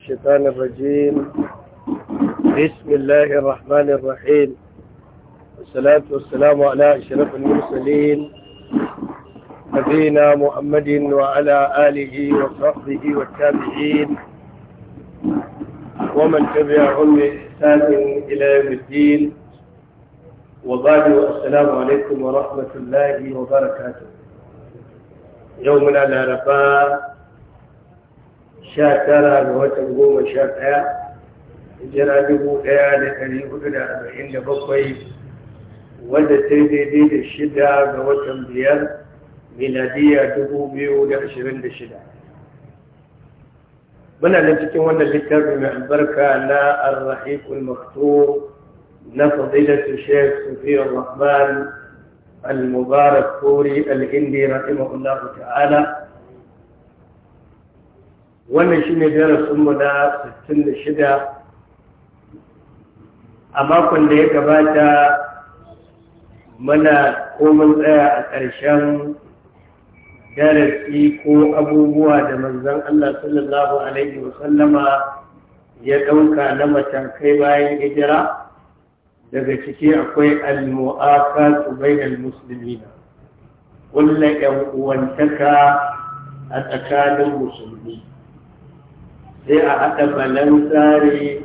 الشيطان الرجيم بسم الله الرحمن الرحيم والصلاة والسلام على أشرف المرسلين نبينا محمد وعلى آله وصحبه والتابعين ومن تبعهم بإحسان إلى يوم الدين وبعد السلام عليكم ورحمة الله وبركاته يومنا العرفات شاكرا لوتن قوم شاتا جرادبو ديا لتني قدنا أبعين لبقوي ودى تيدي دي الشدة لوتن بيال ميلادية دبو بيو لعشرين الشدة من الذي وانا ذكر بما البركة لا الرحيق المكتوب نفضيلة الشيخ صفي الرحمن المبارك فوري الهندي رحمه الله تعالى wannan shi ne darasinmu na 66 a makon da ya gabata mana komin tsaya a ƙarshen darasi ko abubuwa da manzan Allah sallallahu Alaihi wasallama ya ɗauka na matakai bayan hijira daga ciki akwai al-mu'aka bainal muslimina kulla 'yan uwantaka a tsakanin musulmi sai a haɗa balansare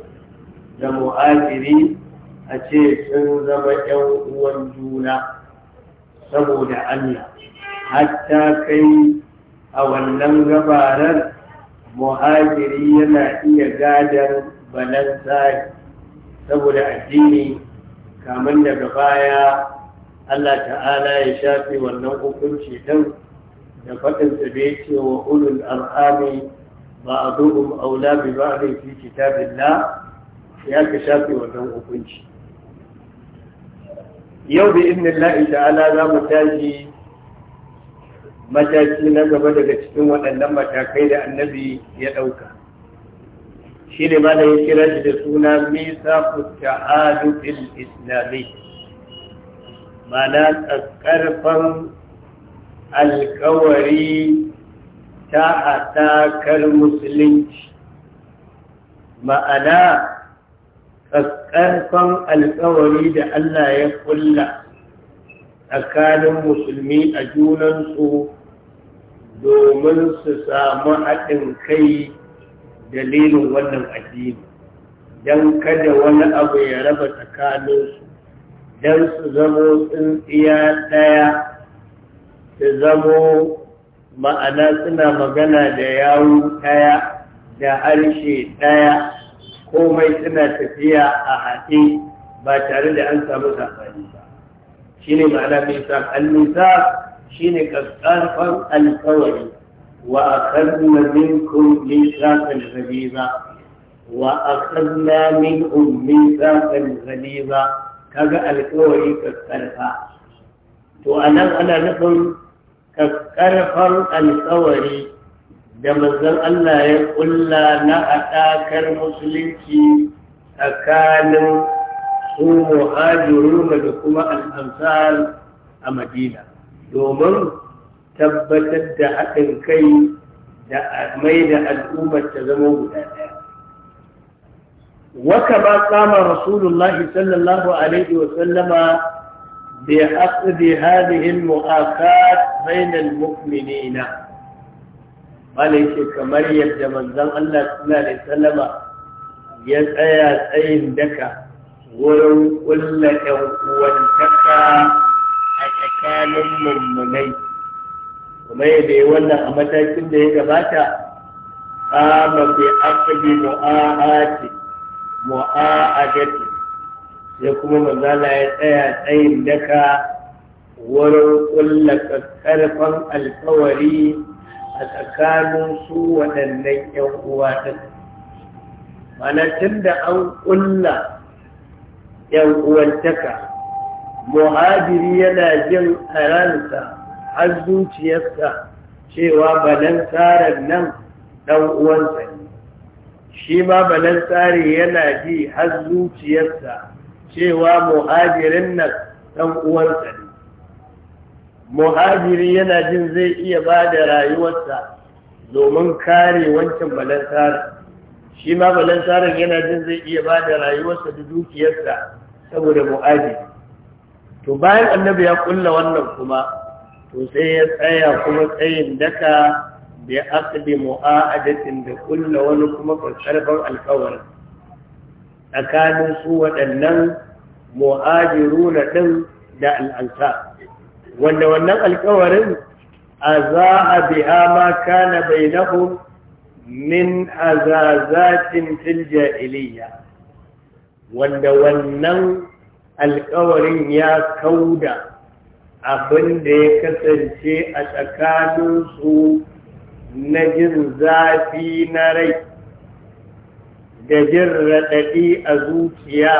da mu'ajiri a ce sun zama ‘yan uwan juna saboda Allah hatta kai a wannan gabarar muhajiri yana iya gadar tsari saboda addini kamar daga baya Allah ta'ala ya shafe wannan hukunci don da faɗin da bai ce wa ulul al'ami بعضهم أولى ببعض في كتاب ya يا كشافي ودن hukunci. yau bi ibnillahi ta'ala za mu tashi mataki na gaba daga cikin waɗannan matakai da annabi ya ɗauka shi ne ma da ya kira shi da suna misa ta'adu fil islami mana ƙarfan alkawari ta haɗakar musulunci ma'ana ƙarfan alkawari da Allah ya kulla tsakanin musulmi a junansu domin su samu haɗin kai dalilin wannan addini don kada wani abu ya raba tsakaninsu don su zamo tsintsiya ɗaya su zamo ma'ana suna magana da yawu ɗaya da harshe ɗaya komai suna tafiya a haɗe ba tare da an samu saɓani ba shi ne ma'ana misa al-misa shi ne ƙasƙarfan alkawari wa a kazna min kun misa kalzaliba wa a kazna min un misa kalzaliba kaga alkawari ƙasƙarfa to a nan ana nufin kakkarfan alkawari da manzon Allah ya kulla na haɗakar musulunci tsakanin su muhajiruna da kuma al'amsar a madina domin tabbatar da haɗin kai da mai da al'ummar ta zama guda ɗaya waka ba kama rasulullahi sallallahu alaihi wasallama بعقد هذه المؤاخاة بين المؤمنين قال كمر يبدا من زن الله صلى الله عليه وسلم ya tsaya tsayin daka wurin kulla uwantaka a tsakanin mummunai kuma yadda ya wannan a matakin da ya gabata kama bi sai kuma manzala ya tsaya tsayin daka wurin kulla karfan alkawari a tsakanin su waɗannan ‘yan uwa ɗin. Mana tun da an kulla ‘yan uwantaka, muhajiri yana jin a ransa har zuciyarsa cewa balan tsarin nan ɗan uwansa ne. Shi ma balan tsari yana ji har zuciyarsa cewa muhajirin nan ɗan uwansa ne muhajiri yana jin zai iya ba da rayuwarsa domin kare wancan balansarar, shi ma yana jin zai iya ba da rayuwarsa da dukiyarsa saboda muhajiri to bayan annabi ya kulla wannan kuma to sai ya tsaya kuma tsayin daka mai aqdi mu'adatin da kulla wani kuma karban alkawarin tsakanin su waɗannan mu'ajiruna ɗin da al'ansa wanda wannan alƙawarin a za a biya ma kana nahu min azazatin fil wanda wannan alkawarin ya kauda abin da ya kasance a tsakaninsu na jin zafi na rai da jin raɗaɗi a zuciya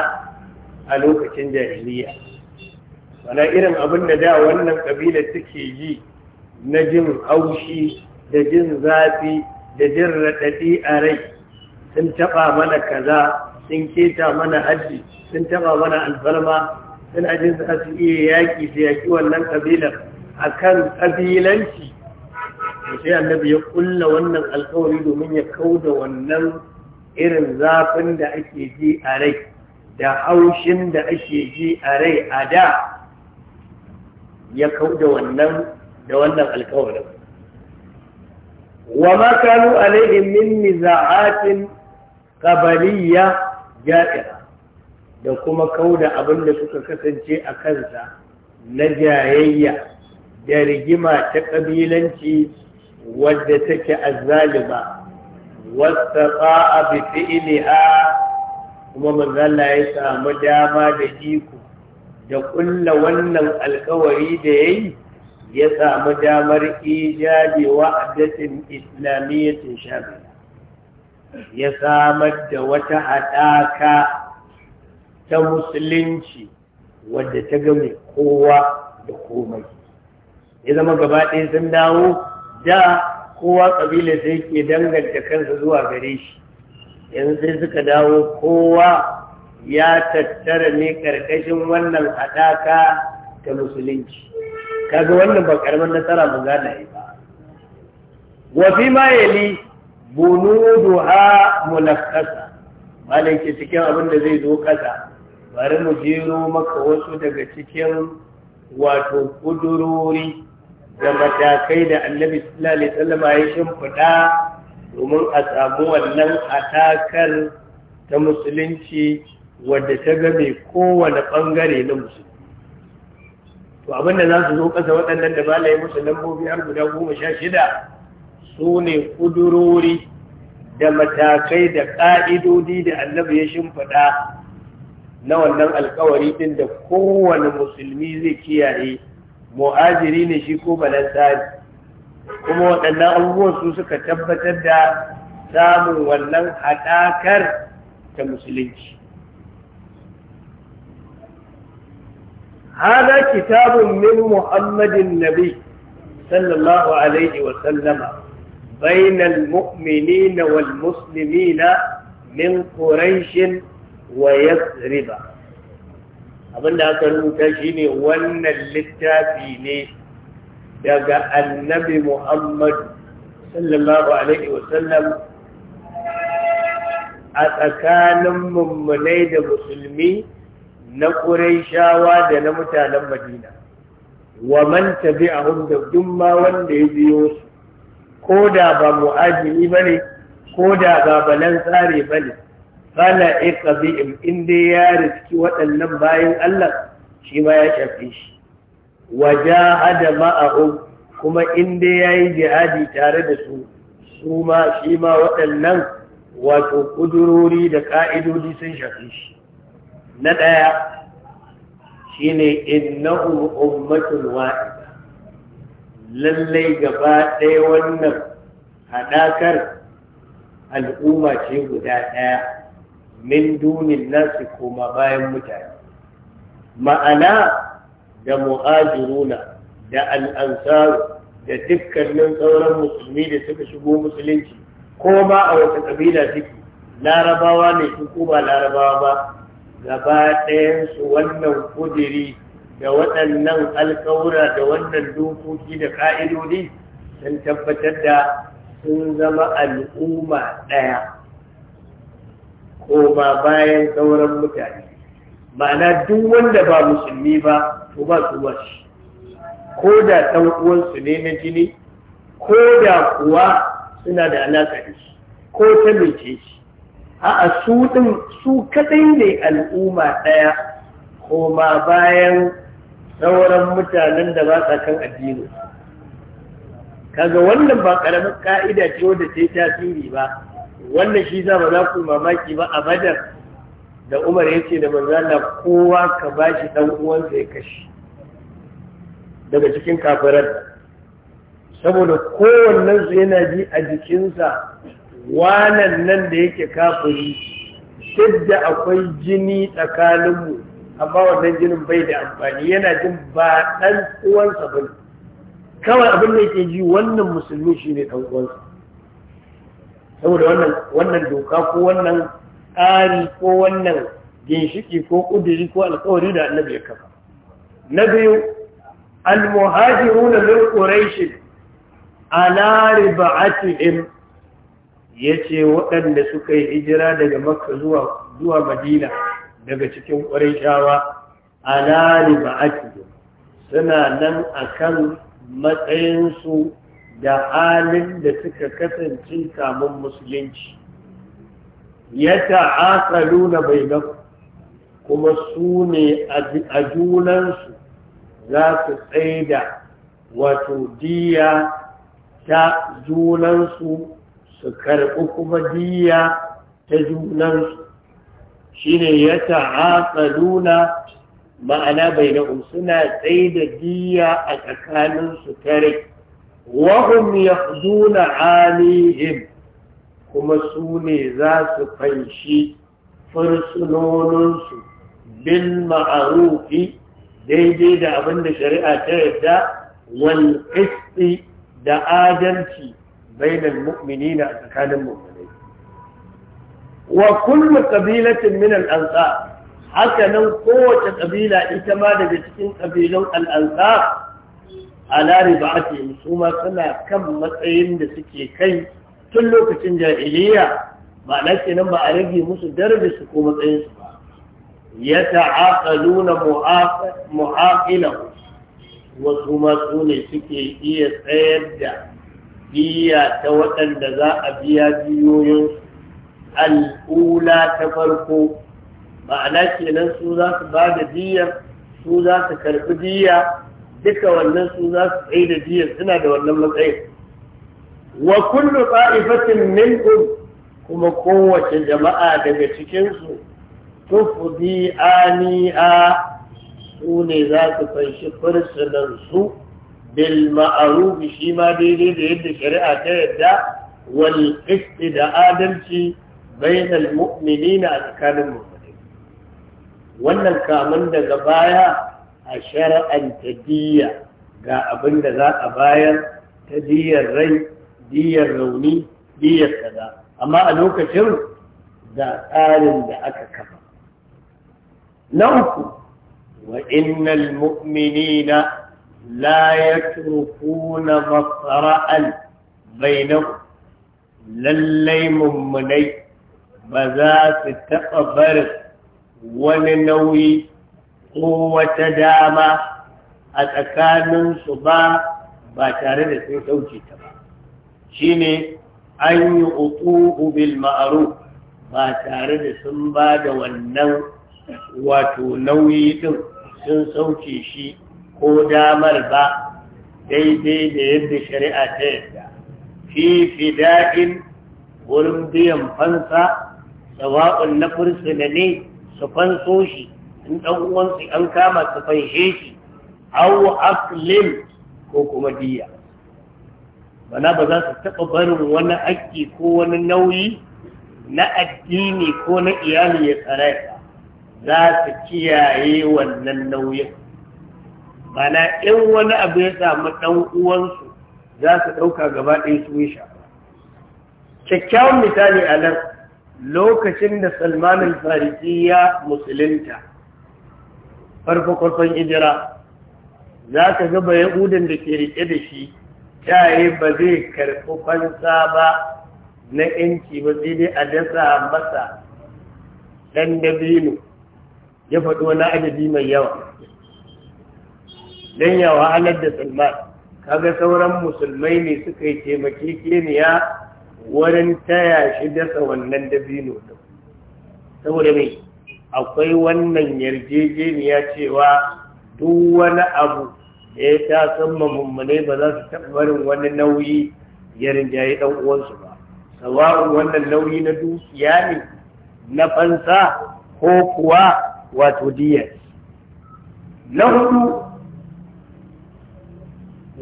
a lokacin jahiliya wana irin abin da da wannan ƙabila take ji na jin haushi da jin zafi da jin raɗaɗi a rai sun taɓa mana kaza sun keta mana hajji sun taɓa mana alfarma suna jin za su iya yaƙi su yaƙi wannan ƙabilar a kan ƙabilanci sai annabi ya ƙulla wannan alƙawari domin ya kauda wannan irin zafin da ake ji a rai da haushin da ake ji a rai a da ya kau da wannan da wannan alkawarin wa ma kanu alaihi min nizaatin qabaliyya ja'ira da kuma kau da abin da suka kasance a kansa na jayayya da rigima ta kabilanci wadda take azzalima واستطاع بفعلها kuma manzala ya samu dama da iko da kulla wannan alkawari da ya yi ya samu damar ijabi wa'adatin islamiyyatin shamila ya samar da wata haɗaka ta musulunci wadda ta game kowa da komai ya zama gaba ɗaya sun dawo da kowa ƙabila sai ke danganta kansa zuwa gare shi yanzu sai suka dawo kowa ya tattara ne ƙarƙashin wannan haɗaka ta musulunci kaga wannan ba ƙaramin nasara ba za ta yi ba wafi ma yali bunuduha mulakasa malam ke cikin abin da zai zo ƙasa bari mu jero maka wasu daga cikin wato ƙudurori da matakai da annabi sallallahu alaihi wasallam ya shimfiɗa domin a samu wannan atakar ta musulunci wadda ta game kowane bangare na musulunci to abinda za su zo ƙasa waɗannan da malaye musu lambobi har guda goma sha shida su ne ƙudurori da matakai da ƙa'idodi da annabi ya shimfiɗa na wannan alkawari ɗin da kowane musulmi zai kiyaye mu'ajiri ne shi ko balansari kuma waɗannan abubuwan su suka tabbatar da samun wannan haɗakar ta musulunci hada kitabun min muhammadin nabi sallallahu alaihi wa sallama بين المؤمنين والمسلمين من قريش ويثرب abinda aka rubuta shi ne wannan littafi ne daga annabi muhammad sallallahu alaihi wasallam a tsakanin mummunai da musulmi na ƙuraishawa da na mutanen madina wa man tabi'ahum da ma wanda ya biyo su ko da ba mu'ajini ne, ko da ba balan tsare bane fala iqdi'im in dai ya riski waɗannan bayan Allah shi ma ya shafe shi wajahada ma'ahum kuma in dai yayi jihadi tare da su su ma shi ma waɗannan wato kudurori da ƙa'idodi sun shafe shi na ɗaya shine innahum ummatun wahida lallai gaba ɗaya wannan haɗakar al'umma ce guda ɗaya min dunin nasi koma bayan mutane ma'ana da mu'ajiruna da al'ansaru da dukkanin sauran musulmi da suka shigo musulunci ko ma a wata ƙabila suke larabawa ne su ko ba larabawa ba gaba ɗayansu wannan kudiri da waɗannan alkawura da wannan dokoki da ƙa'idodi sun tabbatar da sun zama al'umma ɗaya koma bayan sauran mutane ma'ana duk wanda ba musulmi ba to ba su ba shi ko da ɗan uwansu ne na jini ko da kuwa suna da alaƙa da shi ko ta mace shi a su ɗin su kaɗai ne al'umma ɗaya koma bayan sauran mutanen da ba sa kan addini kaga wannan ba ƙaramin ƙa'ida ce wadda ta yi tasiri ba wannan shi za ba za ku mamaki ba a badar da umar ya ce da na kowa ka ba shi ɗan uwansa ya kashi daga cikin kafirar saboda kowannensu yana ji a jikinsa wanan nan da yake kafiri duk da akwai jini tsakaninmu amma wannan jinin bai da amfani yana jin ba ɗan uwansa ba kawai abin da yake ji wannan musulmi shi ne ɗan uwansa saboda wannan wannan doka ko wannan tsari ko wannan ginshiki ko kudiri ko alkawari da annabi ya kafa na biyu almuhajiruna min quraish ala riba'atihim yace waɗanda suka yi hijira daga makka zuwa zuwa madina daga cikin quraishawa ala riba'atihim suna nan akan matsayinsu da halin da suka kasance kamun musulunci ya ta'akalu na bainan kuma su ne a junansu za su tsaida wato diya ta junansu su karɓi kuma diya ta junansu shi ne ya ta'akalu na ma'ana bainan suna tsaida diya a tsakaninsu tare wahum yahduna alihim kuma su ne za su fanshi fursunoninsu bin ma'arufi daidai da abinda shari'a ta yarda wal qisti da adalci bainal mu'minina a tsakanin mu'minai wa kullu qabilatin min al haka nan kowace ƙabila ita ma daga cikin ƙabilun al a ce su ma suna kan matsayin da suke kai tun lokacin jahiliya ma'ana kenan ba a rage musu darajar su ko matsayin su ba ya ta'aqaluna mu'aqilahu wasu ma su ne suke iya tsayar da biya ta waɗanda za a biya biyoyin al'ula ta farko ma'ana kenan su za su ba da biyar su za su karɓi biya duka wannan su za su tsaye da jiya suna da wannan matsayin wa kullu ta'ifatin minkum kuma kowace jama'a daga cikin cikinsu tufdi ani'a su ne za su fanshi su bil ma'ruf shi ma daidai da yadda shari'a ta yadda wal qisti da adalci bainal mu'minina a tsakanin mu'mini wannan kamun daga baya a ta diya ga abin da za a bayar ta diyar rai diyar rauni diyar kaza amma a lokacin da tsarin da aka kafa na uku wa innal mu'minina la yatrukuna masra'an bainahu lallai mummunai ba za su taɓa barin wani nauyi ko wata dama a tsakaninsu ba ba tare da sun ɗauke ta ba shi ne an yi uku bil ma'aru ba tare da sun ba da wannan wato nauyi ɗin sun sauke shi ko damar ba daidai da yadda shari'a ta yadda fi fida'in wurin biyan fansa sawa'un na fursuna ne su fanso shi in ɗan uwansu an kama su fanshe shi aw aqlim ko kuma diya bana ba za su taɓa barin wani haƙƙi ko wani nauyi na addini ko na iyali ya tsare za su kiyaye wannan nauyin bana in wani abu ya samu ɗan uwansu za su ɗauka gaba ɗaya su yi shafa kyakkyawan misali a nan lokacin da salmanin al-farisi ya musulunta farko farkon ijira za ka ga bayahudin da ke riƙe da shi yi ba zai karɓi fansa ba na yanci ba sai dai a dasa masa ɗan dabino ya faɗi na adadi mai yawa don yawa halar da sulman kaga sauran musulmai ne suka yi taimake keniya wurin taya shi dasa wannan dabino saboda mai akwai wannan yarjejeniya cewa duk wani abu da ya ta san mamummunai ba za su taɓa barin wani nauyi ya rinjaye ɗan uwansu ba sawa'un wannan nauyi na dukiya ne na fansa ko kuwa wato diyar na hudu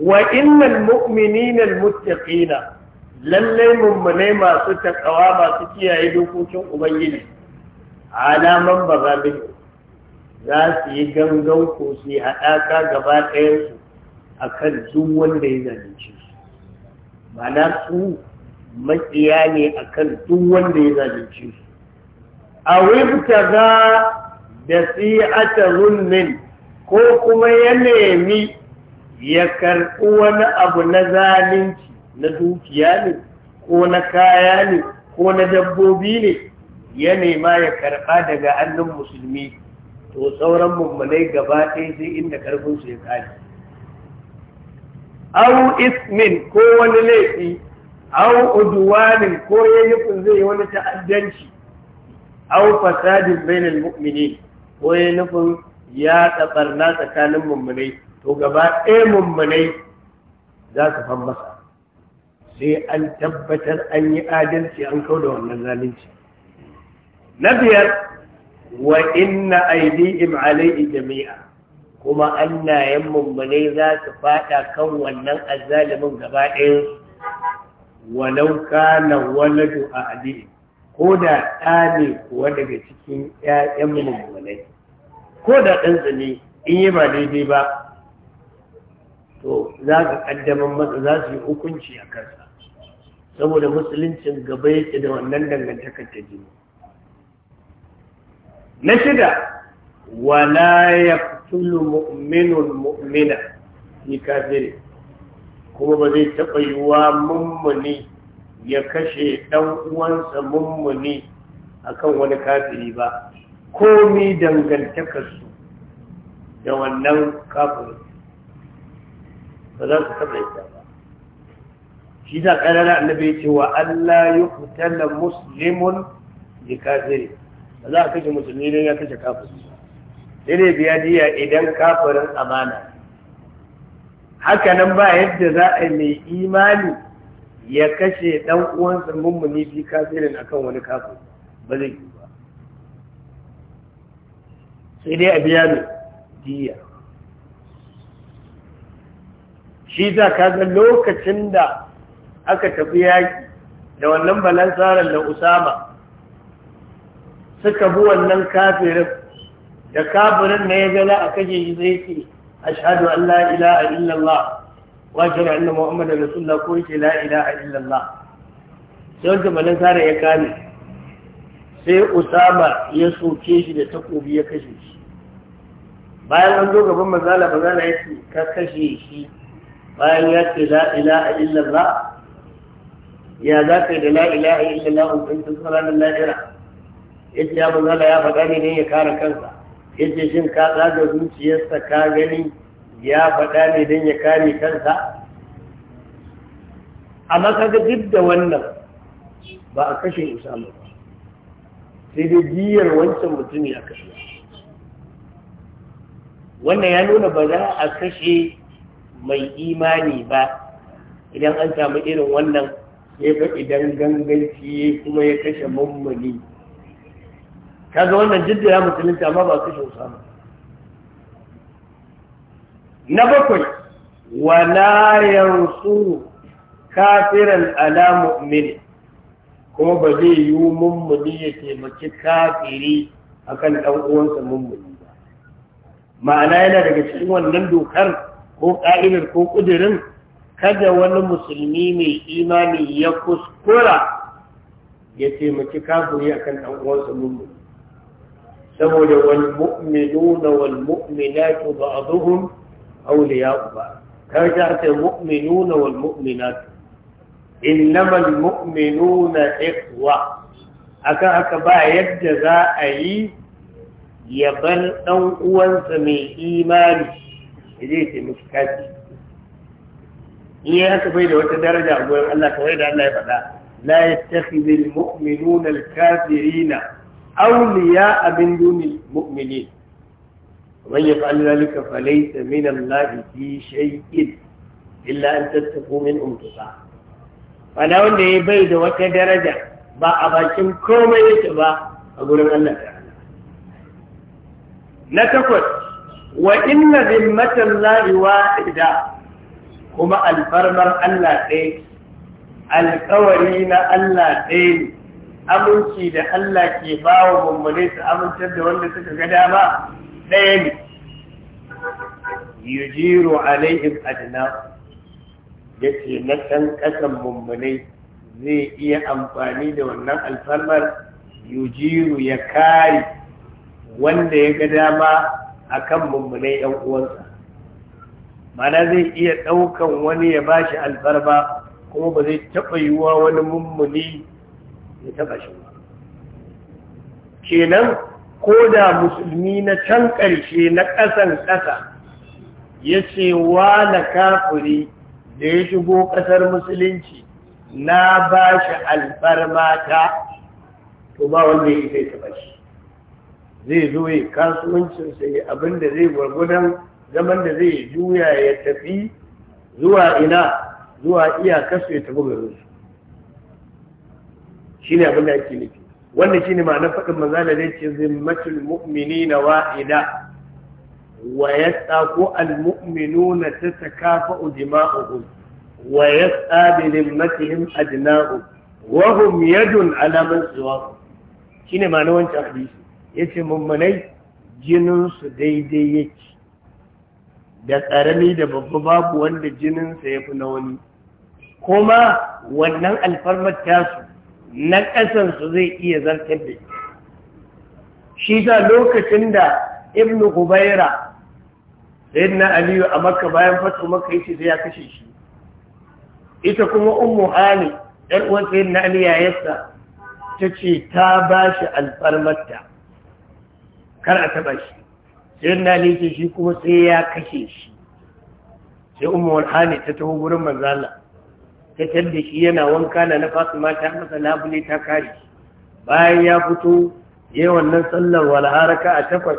wa innal mu'minina almuttaqina lallai mummunai masu takawa masu kiyaye dokokin ubangiji alaman ba za za su yi gangan ko su yi haɗaka gaba ɗayansu a kan duk wanda ya zalunce su mana su ne a kan duk wanda ya zalunce su a wifta za da ata runnin ko kuma ya nemi ya karɓi wani abu na zalunci na dukiya ne ko na kaya ne ko na dabbobi ne ya nema ya karɓa daga hannun musulmi to sauran mummunai gaba ɗaya zai inda ƙarfinsu ya ƙare au ismin ko wani laifi au uduwanin ko ya yi zai yi wani ta'addanci au fasadin bainal mu'minin ko ya nufin ya tsabarna tsakanin mummunai to gaba ɗaya mummunai za su fan masa sai an tabbatar an yi adalci an kau da wannan zalunci na biyar wa inna aidihim alaihi jami'a kuma annayen mummune za su fada kan wannan azzalumin gaba ɗayan walau kana a alihi ko da ɗa ne kuwa daga cikin ƴaƴan mummune ko da ɗansa ne in yi ba daidai ba to za ka ƙaddaman masa za su yi hukunci a kansa saboda musuluncin gaba yake da wannan dangantakar ta jini na shida wala yaqtulu mu'minun mu'mina ni kafiri kuma ba zai taɓa wa mummuni ya kashe ɗan uwansa mummuni akan wani kafiri ba komi dangantakarsu da wannan kafin ba za su taɓa yi ba shi za ƙarara annabi cewa Allah yi fitar da musulmin da kafiri ba za a kashe musulmi don ya kashe kafin. sai dai biya diya idan kafirin amana haka nan ba yadda za a mai imani ya kashe dan uwansa mummuni fi kafirin akan wani kafin ba zai yi ba sai dai a biya mai diya shi za ka ga lokacin da aka tafi yaki da wannan balansarar da usama suka bi wannan kafirin da kafirin na ya gala a kaje shi zai ce ashhadu an Laila ilaha illallah wa ashhadu anna muhammadar rasulullah ko yake la ilaha illallah sai wanda malan sare ya kame sai usama ya soke shi da takobi ya kashe shi bayan an zo gaban mazala mazala ya ce ka kashe shi bayan ya ce Laila ilaha illallah ya za ka yi da Laila ilaha illallah kuma ta tsara na yace ya Allah ya faɗa ne ne ya kare kansa yace shin ka tsaga zuciyarsa ka gani ya faɗa ne don ya kare kansa amma kaga duk da wannan ba a kashe usama ba sai dai biyar wancan mutum ya kashe wannan ya nuna ba za a kashe mai imani ba idan an samu irin wannan sai fa idan ganganci kuma ya kashe mummuni kaga wannan jidda ya musulunta amma ba su shi usama na bakwai wala yansuru kafiran ala mu'mini kuma ba zai yi mummuni ya taimaki kafiri akan dan uwansa mummuni ba ma'ana yana daga cikin wannan dokar ko ƙa'idar ko ƙudirin, kada wani musulmi mai imani ya kuskura ya taimaki kafiri akan dan uwansa mummuni سمول والمؤمنون والمؤمنات بعضهم أولياء بعض هجعت المؤمنون والمؤمنات إنما المؤمنون إخوة أكا أكا با يجزا أي يبل أو من إيمان إليس مشكات إيه أكا بيدي وتدرجة أقول الله كويدة الله يفعل لا يتخذ المؤمنون الكافرين awliya abin dunil mu'minin ومن يفعل ذلك فليس من الله في شيء إلا أن تتقوا منهم تقى فأنا وأن يبيد وكدرجة با أباشم كوما يتبا أقول لك الله تعالى نتقل وإن ذمة الله واحدة كما الفرمر الله تين القورين الله تين aminci da Allah ke ba wa mummune su amintar da wanda suka ga dama ɗaya ne yujiru alaihim adina ya ce na ɗan ƙasan mummune zai iya amfani da wannan alfarmar yujiru ya kare wanda ya ga dama a kan mummune ‘yan uwansa mana zai iya ɗaukan wani ya ba shi alfarma kuma ba zai taɓa yiwuwa wani mummuni ya taba shi kenan ko da musulmi na can ƙarshe na ƙasan ƙasa ya ce wa na kafuri da ya shigo ƙasar musulunci na ba shi alfarmata to ba wanda ya kai taba shi zai zo ya kasuwancinsa abin abinda zai gwargwadon zaman da zai juya ya tafi zuwa ina zuwa iya kasu ya tafi garinsu shine abin da ake nufi wannan shine ma'anar faɗin maza da yake zimmatul mu'minina wa'ida wa yasqa ko al mu'minuna tatakafa'u dima'uhum wa yasqa bi zimmatihim adna'u wa hum yadun ala man Shi shine ma'anar wancan hadisi yace mummunai jinin su daidai yake da ƙarami da babba babu wanda jininsa ya fi na wani kuma wannan alfarmar tasu na ƙasansu zai iya zartar da shi ta lokacin da ibn hubaira sai na aliyu a maka bayan fasu maka yi sai ya kashe shi ita kuma ummu hali ɗan uwan sai na aliyu yasa ta ce ta ba shi alfarmarta kar a taɓa shi sai na aliyu shi kuma sai ya kashe shi sai ummu hali ta taho gurin manzala ta tabbe yana wanka na na fatima ta masa labule ta kare bayan ya fito yawan wannan sallar walharaka a takwas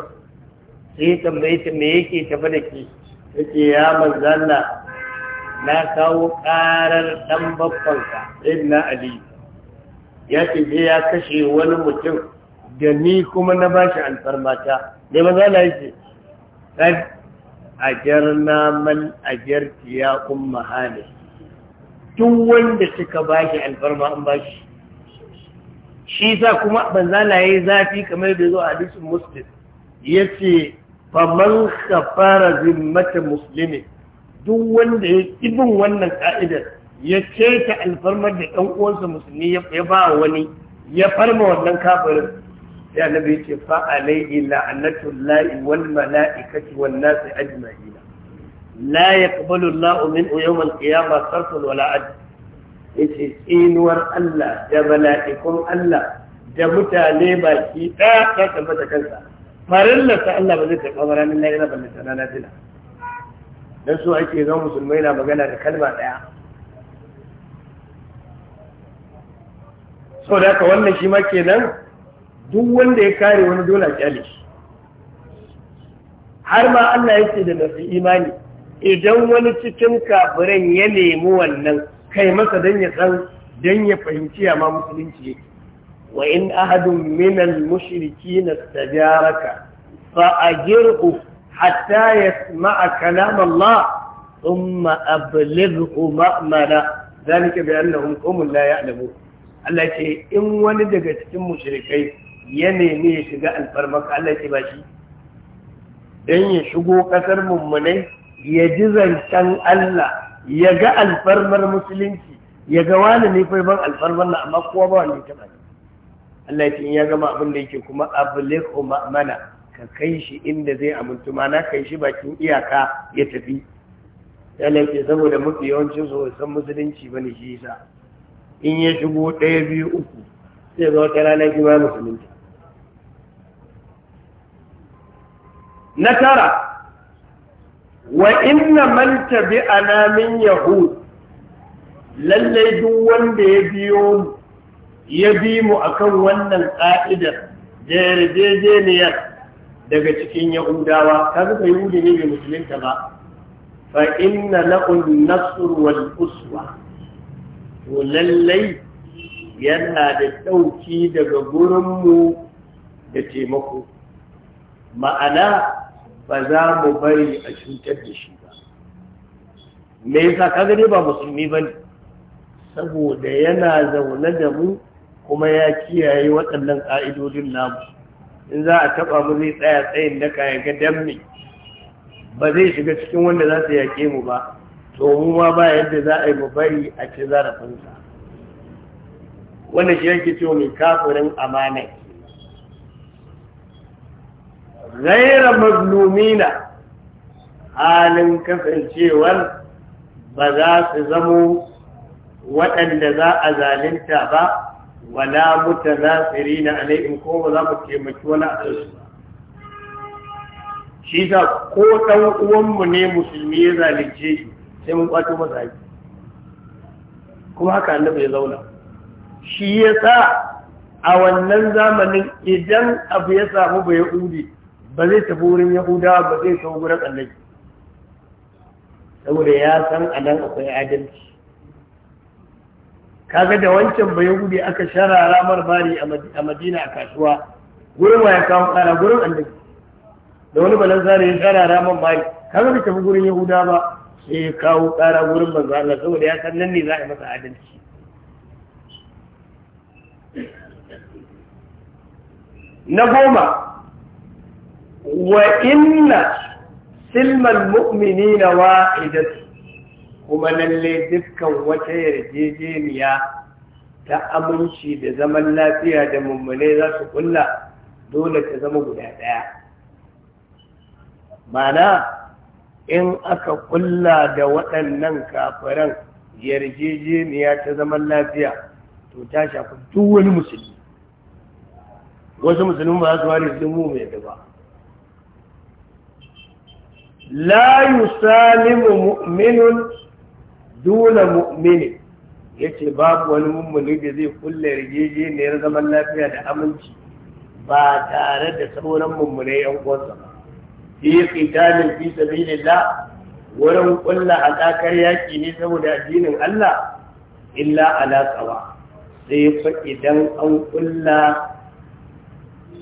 sai ya tambaye ta me yake tafi da ke yace ya manzalla na kawo karar dan babbanka sayyidina ali ya ce je ya kashe wani mutum da ni kuma na bashi alfarmata dai manzalla yake kad ajarna man ajarti ya umma duk wanda suka bashi alfarma an ba shi sa kuma banzala yayi zafi kamar da zo a hadisin muslim yace faman kafara zimmata muslimin duk wanda ya ibin wannan ka'idar ya ta alfarmar da ɗan uwansa musulmi ya ba wani ya farma wannan kafirin sai annabi ce fa alayhi la'natullahi wal mala'ikati wan nasi ajma'ina la yaqbalu Allahu min yawm al-qiyamah sarfun wala adl yace tsinuwar Allah da mala'ikun Allah da mutane baki ɗaya ta tabbata kansa farillarsa Allah ba zai karɓa ba ranar lahira balle ta rana tana dan so ake zan musulmai na magana da kalma ɗaya sau da haka wannan shi ma kenan duk wanda ya kare wani dole a kyale shi har ma Allah yake da nasu imani idan wani cikin kafiran ya nemi wannan kai masa don ya san don ya fahimci ya ma musulunci yake wa in ahadun minal mushriki na tajaraka fa ajirhu hatta yasma'a kalam Allah thumma ablighu ma'mana zalika bi annahum qawmun la ya'lamun Allah ce in wani daga cikin mushrikai ya nemi ya shiga alfarmaka Allah ce ba shi dan ya shigo kasar mummunai ya ji zancen Allah ya ga alfarmar musulunci ya ga wani ne kai ban alfarmar na amma kowa ba wani ya ne Allah ya ya gama abin da yake kuma ablighu ma'mana ka kai shi inda zai amintu mana kai shi bakin iyaka ya tafi ya lafiya saboda mafi yawancin su san musulunci bane shi yasa in ya shigo ɗaya biyu uku sai zo ta rana ki ba musulunci. na tara wa inna man tabi'ana min yahud lallai duk wanda ya biyo ya bi mu akan wannan ka'idar da yarjejeniyar daga cikin yahudawa ka zuka yahudi ne bai musulunta ba fa inna lahun nasr wal uswa to lallai yana da ɗauki daga gurinmu da taimako ma'ana ba za mu bari a cutar da shi ba me yasa ka gani ba musulmi ba ne saboda yana zaune da mu kuma ya kiyaye waɗannan ƙa'idodin namu in za a taɓa mu zai tsaya tsayin ka ya ga damme ba zai shiga cikin wanda za su yaƙe mu ba to mu ma ba yadda za a yi mu bari a ci zarafinsa wannan shi yake cewa mai kafirin amana ghaira mazlumina halin kasancewar ba za su zamo waɗanda za a zalinta ba wala za mutanasiri na alaihim ko ba za mu taimaki wani a kansu ba shi ta ko ɗan uwanmu ne musulmi ya zalunce shi sai mun kwato masa haƙi kuma haka annabi ya zauna shi ya sa a wannan zamanin idan abu ya samu bai udi ba zai tafi wurin Yahuda ba zai tafi wurin annabi saboda ya san a nan akwai adalci kaga da wancan ba yahudi aka shara ramar bari a madina a kasuwa gurin waya ya kawo kara gurin annabi da wani balan zare ya shara ramar bari kaga bai tafi gurin yahuda ba sai ya kawo kara gurin banza Allah saboda ya san nan ne za a masa adalci na goma wa inna silman mu'mini na wa'idatu kuma lalle dukkan wata yarjejeniya ta aminci da zaman lafiya da mummune za su kula dole ta zama guda ɗaya mana in aka kulla da waɗannan kafiran yarjejeniya ta zaman lafiya to ta shafi duk wani musulmi wasu musulmi ba su ware su mu mai gaba la yusalimu mu'minun duna mu'minin yace babu wani mummuni da zai kulle yarjejeniyar zaman lafiya da aminci ba tare da sauran mummunai yan uwansa ba fi qitalin fi sabilillah wurin kulla alakar yaki ne saboda addinin Allah illa ala qawa sai fa idan an kulla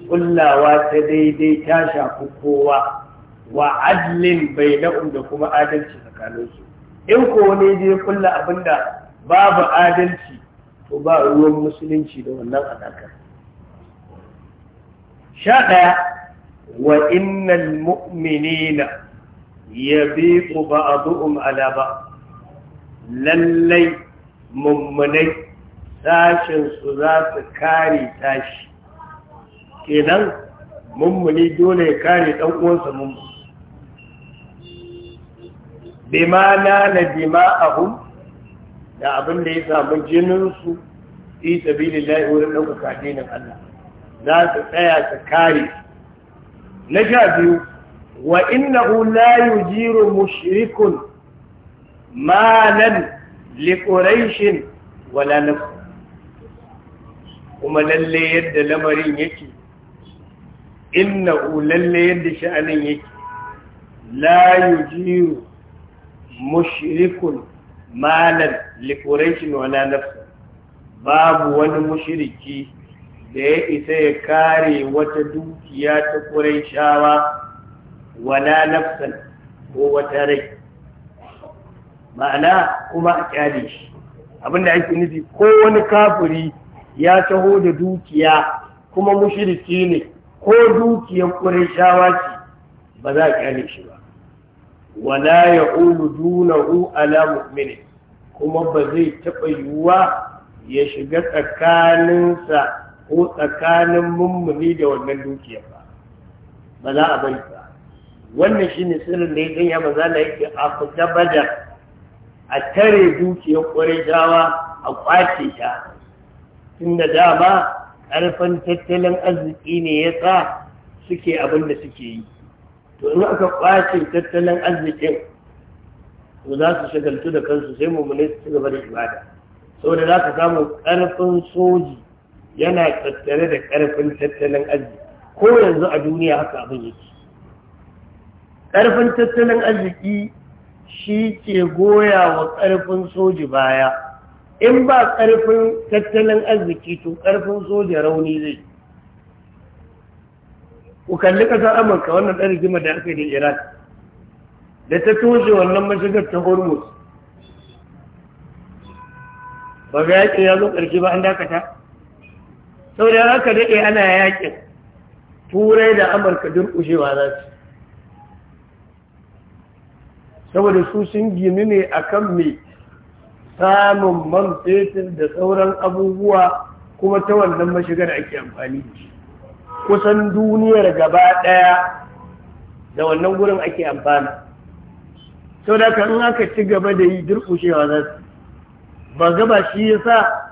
kullawa ta daidai ta shafi kowa wa adlin bainahum da kuma adalci tsakaninsu in ko wani je kulla abinda babu adalci to ba ruwan musulunci da wannan alakar sha ɗaya wa innal mu'minina yabiqu ba'dhum ala ba lallai mummunai sashinsu za su kare tashi kenan mummuni dole ya kare ɗan'uwansa mummuni bima na dima'ahum da abin da ya samu jininsu fi lai wurin ɗaukaka addinin Allah za su tsaya su kare na sha biyu wa innahu la yujiru mushrikun malan li quraishin wala nafs kuma lalle yadda lamarin yake innahu lalle yadda sha'anin yake la yujiru mushrikun malan likurashin wani nafsa babu wani mushriki da ya isa ya kare wata dukiya ta shawa wala nafsan ko wata rai ma'ana kuma a kyale shi abinda ake nufi ko wani kafiri ya taho da dukiya kuma mushiriki ne ko dukiyar shawa ce ba za a kyale shi ba wala ya'ulu dunahu ala mu'minin kuma ba zai taɓa yiwuwa ya shiga tsakaninsa ko tsakanin mummuni da wannan dukiya ba ba za a bari ba wannan shi ne sirrin da ya ganya ba za na yake a kuta bada a tare dukiyar ƙwarai dawa a ƙwace ta tun da dama ƙarfin tattalin arziki ne ya sa suke abin da suke yi to in aka kwace tattalin arzikin to za su shagaltu da kansu sai mummune su gaba da ibada saboda za ka samu ƙarfin soji yana tattare da ƙarfin tattalin arziki ko yanzu a duniya haka abin yake ƙarfin tattalin arziki shi ke goya wa ƙarfin soji baya in ba ƙarfin tattalin arziki to ƙarfin soja rauni zai ku kalli ƙasar amurka wannan ɗan rigima da aka yi da iran da ta toshe wannan mashigar ta hormuz ba ga yaƙi ya zo ƙarshe ba an dakata sau da aka daɗe ana yaƙin turai da amurka duk durƙushewa za su saboda su sun gini ne a kan mai samun man fetur da sauran abubuwa kuma ta wannan mashigar ake amfani da shi kusan duniyar gaba ɗaya da wannan gurin ake amfana sau da kan aka ci gaba da yi durkushewa za su ba gaba shi yasa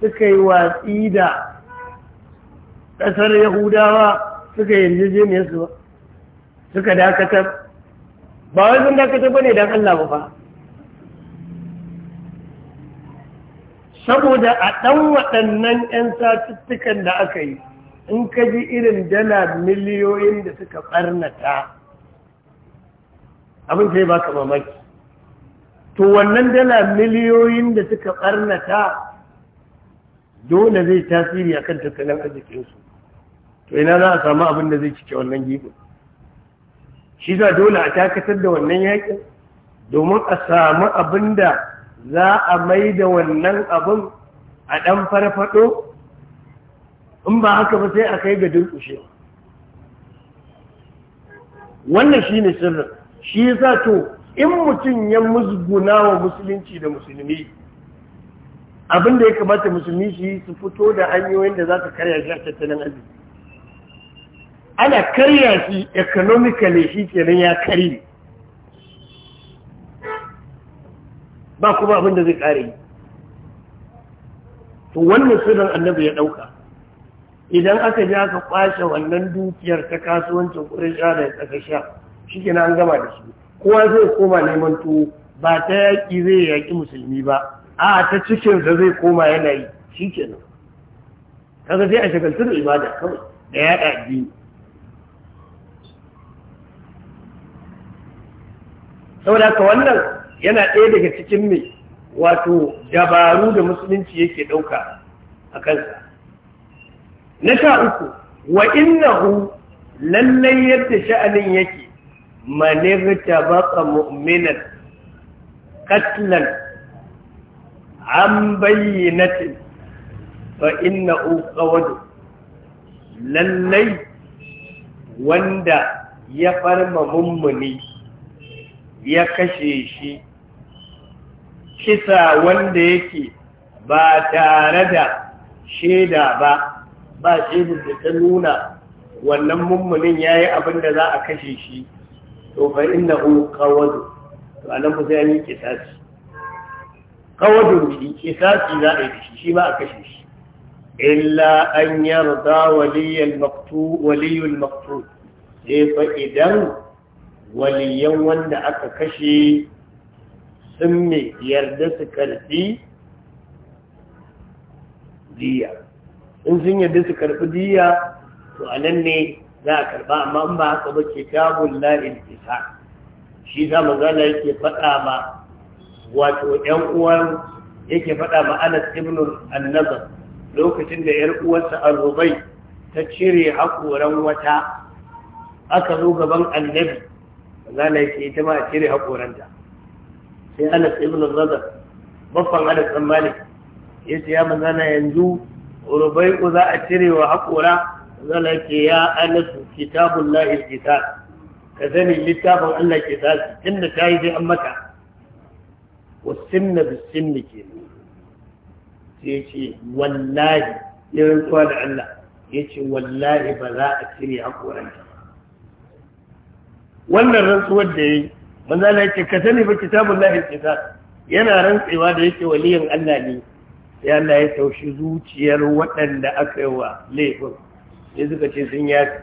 suka yi watsi da ƙasar yahudawa suka yi yarjejeniyar su suka dakatar ba wai sun dakatar ba ne don allah ba saboda a ɗan waɗannan 'yan satuttukan da aka yi in ka ji irin dala miliyoyin da suka ɓarnata abin sai ka mamaki to wannan dala miliyoyin da suka ɓarnata dole zai tasiri a kan tattalin arzikinsu to ina za a samu abin da zai cike wannan gibin shi za dole a takatar da wannan yakin domin a samu abin da za a mai da wannan abin a ɗan farfaɗo in ba haka ba sai a kai ga dinkushe wannan shi ne sirrin shi yasa to in mutum ya musguna wa musulunci da musulmi abinda ya kamata musulmi shi su fito da hanyoyin da za su karya shi a tattalin arziki ana karya shi economically shi kenan ya karye ba kuma abin zai kare to wannan sirrin annabi ya dauka idan aka ja ka kwashe wannan dukiyar ta kasuwancin kudin sha da tsaka sha shi ke an gama da shi kowa zai koma neman tuwo ba ta yaƙi zai yaƙi musulmi ba a ta cikinsa zai koma yana yi shi ke nan kaga sai a shagaltar ibada kawai da yaɗa addini saboda ka wannan yana ɗaya daga cikin mai wato dabaru da musulunci yake ɗauka a kansa na sha uku wa innahu lallai yadda sha'anin yake manirta baka mu'minan katlan an bayyanatin fa inna uqawadu lallai wanda ya farma mummuni ya kashe shi kisa wanda yake ba tare da shaida ba ba shebur da ta nuna wannan mummunin ya yi abin da za a kashe shi to fa inna hu qawadu to anan mu sai an yi qawadu bi kisasi za a yi shi ba a kashe shi illa an yarda waliyul maqtu waliyul maqtu sai fa idan waliyan wanda aka kashe sun me yarda su karfi diya in sun yadda su karɓi diya to a nan ne za a karɓa amma in ba haka ba ke tabun la'in isa shi za mu zala yake faɗa ma wato ƴan uwan yake faɗa ma anas ibn annabar lokacin da ƴar uwarsa a rubai ta cire haƙoran wata aka zo gaban annabi zala yake ita ma a cire haƙoranta sai anas ibn annazar baffan anas ɗan malik ya ce ya manzana yanzu rubai'u za a cire wa haƙora zala ke ya anasu kitabun lahil kitab ka sani littafin Allah ke tasi da ta yi sai an mata wasin na bisin da ke sai ce wallahi irin tsuwa da Allah ya ce wallahi ba za a cire haƙoranta ba wannan rantsuwar da ya yi manzana ya ce ka sani ba kitabun lahil kitab yana rantsewa da yake waliyan Allah ne sai Allah ya taushi zuciyar waɗanda aka yi wa laifin sai suka ce sun yafe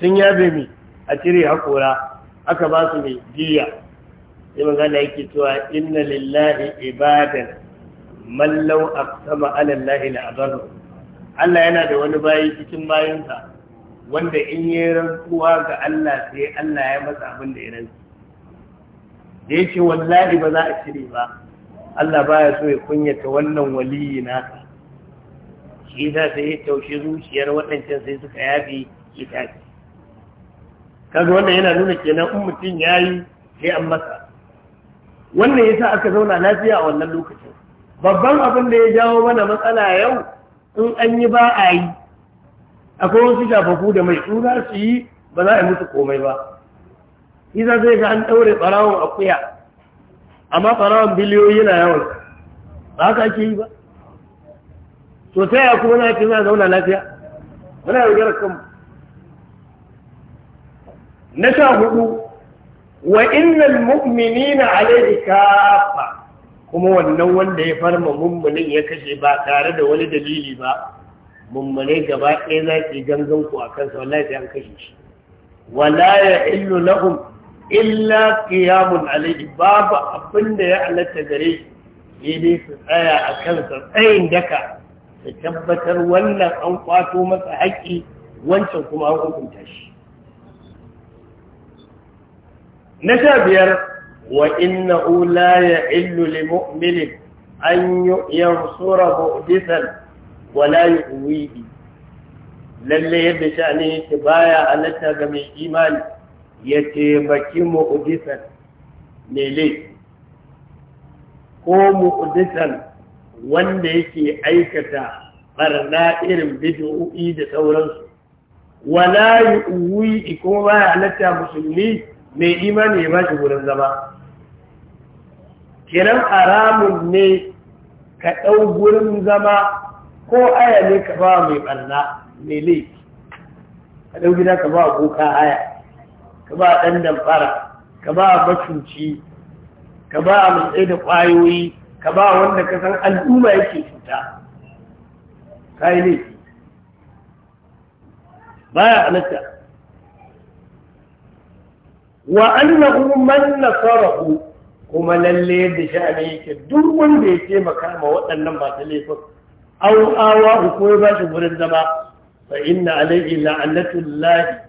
sun yafe mi a cire haƙora aka ba su mai jiya sai magana yake cewa inna lillahi ibadan mallau a sama alallahi na abaru Allah yana da wani bayi cikin bayinsa wanda in yi rantsuwa ga Allah sai Allah ya masa abin da ya rantsu da ce wallahi ba za a cire ba Allah baya so ya kunyata wannan waliyina shi za ta yi taushe zuciyar waɗancan sai suka yafi itaci kaga wannan yana nuna kenan in mutum ya yi sai an masa wannan ya sa aka zauna lafiya a wannan lokacin babban abin da ya jawo mana matsala yau in an yi ba a yi akwai wasu shafafu da mai tsura su yi ba za a yi musu komai ba iza zai ga an ɗaure ɓarawon akuya amma ɓarawan biliyoyi yana yawon ba haka ake yi ba to ta yaya kuma na ce zauna lafiya muna yaudarar kanmu na sha hudu wa innal mu'minina alaihi kafa kuma wannan wanda ya farma mummunin ya kashe ba tare da wani dalili ba mummunai gaba ɗaya za ki gangan ku a kansa wallahi sai an kashe shi wala ya illu lahum illa qiyamun alayhi babu abin da ya halatta gare shi sai dai su tsaya a kansa tsayin daka ta tabbatar wannan an kwato masa haƙƙi wancan kuma an hukunta shi na sha biyar wa inna la ya illu li mu'minin an yansura mu'disan wa la yu'wihi lalle yadda baya halatta ga mai imani ya taimaki mu'udisan mele ko mu'udisan wanda yake aikata barna irin bid'o'i da sauransu wala yu'wi kuma ba halatta musulmi mai imani ya bashi wurin zama kiran haramun ne ka ɗau gurin zama ko aya ne ka ba mai ɓarna mai ka ɗau gida ka ba abokan aya. ka ba ɗan damfara ka ba macuci ka ba a matsayi da ƙwayoyi ka ba wanda ka san al'umma yake cuta ka yi laifi ba halatta wa annahu man nasarahu kuma lalle yadda sha'ani yake duk wanda ya taimaka ma waɗannan masu laifin Au awa ko ya ba shi wurin zama fa inna alayhi la'anatullahi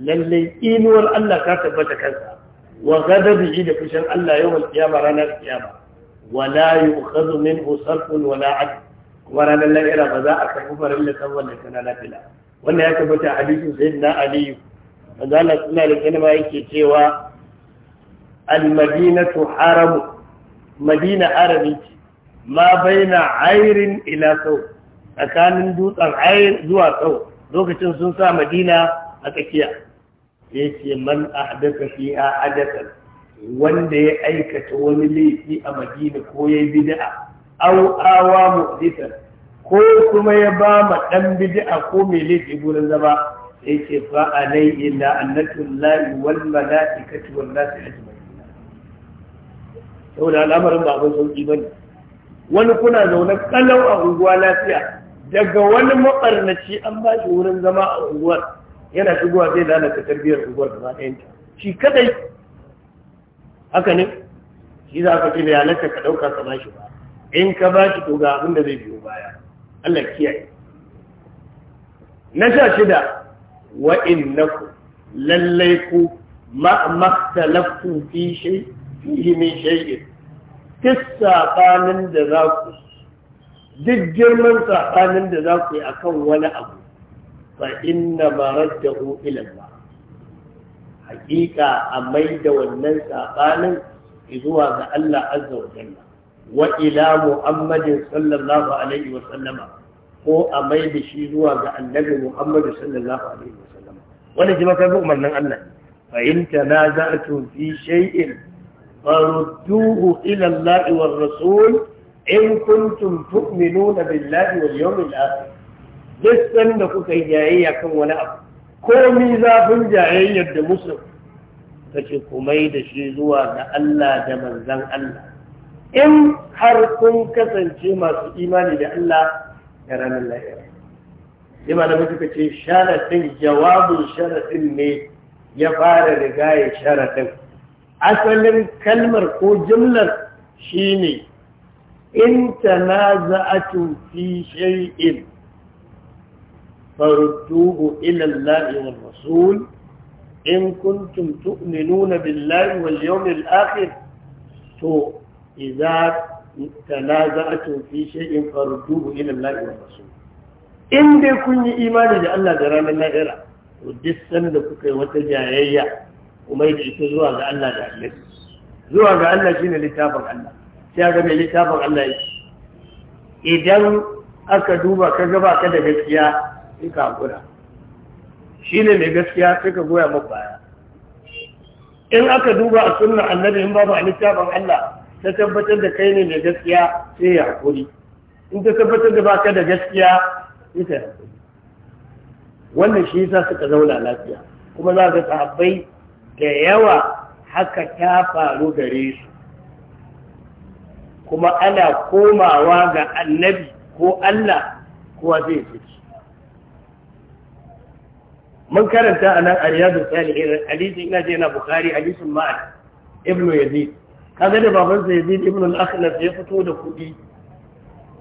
lallai inuwar Allah ta tabbata kansa wa ghadabihi da fushin Allah yawan kiyama ranar kiyama wala yu'khadhu minhu sarfun wala 'adl kuma ranar lahira ba za a karɓi farin da san wanda kana nafila wannan ya tabbata a hadisin sayyidina aliyu manzo Allah suna da kalma yake cewa al-madinatu haramu madina harami ce ma baina airin ila sau tsakanin dutsen air zuwa sau lokacin sun sa madina a tsakiya ya ce man fi a hadathan wanda ya aikata wani laifi a madina ko ya yi bid'a aw awa mu'disan ko kuma ya ba ma dan bid'a ko mai laifi gurin zama ya ce fa alai illa annatu llahi wal malaikatu wan nasi ajma'in saboda al'amarin ba abin sauki bane wani kuna zaune kalau a unguwa lafiya daga wani mabarnaci an ba shi wurin zama a unguwar yana shigowa zai lalata tarbiyyar unguwar gaba ɗayanta shi kadai haka ne shi za ka ce da halatta ka ɗauka ka ba shi ba in ka ba shi to ga abin da zai biyo baya Allah kiyaye na sha shida wa innakum lallai ku ma maktalaftum fi shay fihi min shay'in tissabanin da za ku duk girman sabanin da za ku yi akan wani abu fa’inna ba radda hu ilalla hakika a mai da wannan saɓanin zuwa ga Allah azza wa jalla wa muhammadin sallallahu alaihi wa sallama ko a mai da shi zuwa ga annabi muhammadu sallallahu alaihi wa sallama wannan shi mafi umarnin Allah fa na za a tofi shay'in farudduhu ila Allah wa rasul in kuntum tu'minuna billahi wal yawmil akhir duk da kuka yi jayayya kan wani abu komi zafin jayayyar da musu ta ce kumai da shi zuwa ga Allah da manzan Allah in har kun kasance masu imani da Allah da ranar lahira sai malamai ka ce sharaɗin jawabin sharatin ne ya fara riga ya sharaɗin asalin kalmar ko jimlar shine in tanaza'atun fi shay'in فردوه إلى الله والرسول إن كنتم تؤمنون بالله واليوم الآخر تو إذا تنازعتم في شيء فردوه إلى الله والرسول إن دي كن إيماني دي الله درام الله إرى ودي السنة كوكي وتجاهية وما يدعي تزوى على الله دي الله زوى على الله شين اللي تابق الله شاكا من اللي تابق الله إذا أكدوبا كذبا كذا gaskiya suka hakura. shi ne mai gaskiya suka goya mu baya in aka duba a sunna annabi in babu a littafin Allah ta tabbatar da kai ne mai gaskiya sai ya haƙuri in ta tabbatar da baka da gaskiya sai ta haƙuri wannan shi yasa suka zauna lafiya kuma za ka sahabbai da yawa haka ta faru gare su kuma ana komawa ga annabi ko Allah kowa zai fice mun karanta a nan a riyadu salihin hadisin ina ce yana bukari hadisin ma'ad ibn yazid kaga da babansa yazid ibn al-akhnas ya fito da kuɗi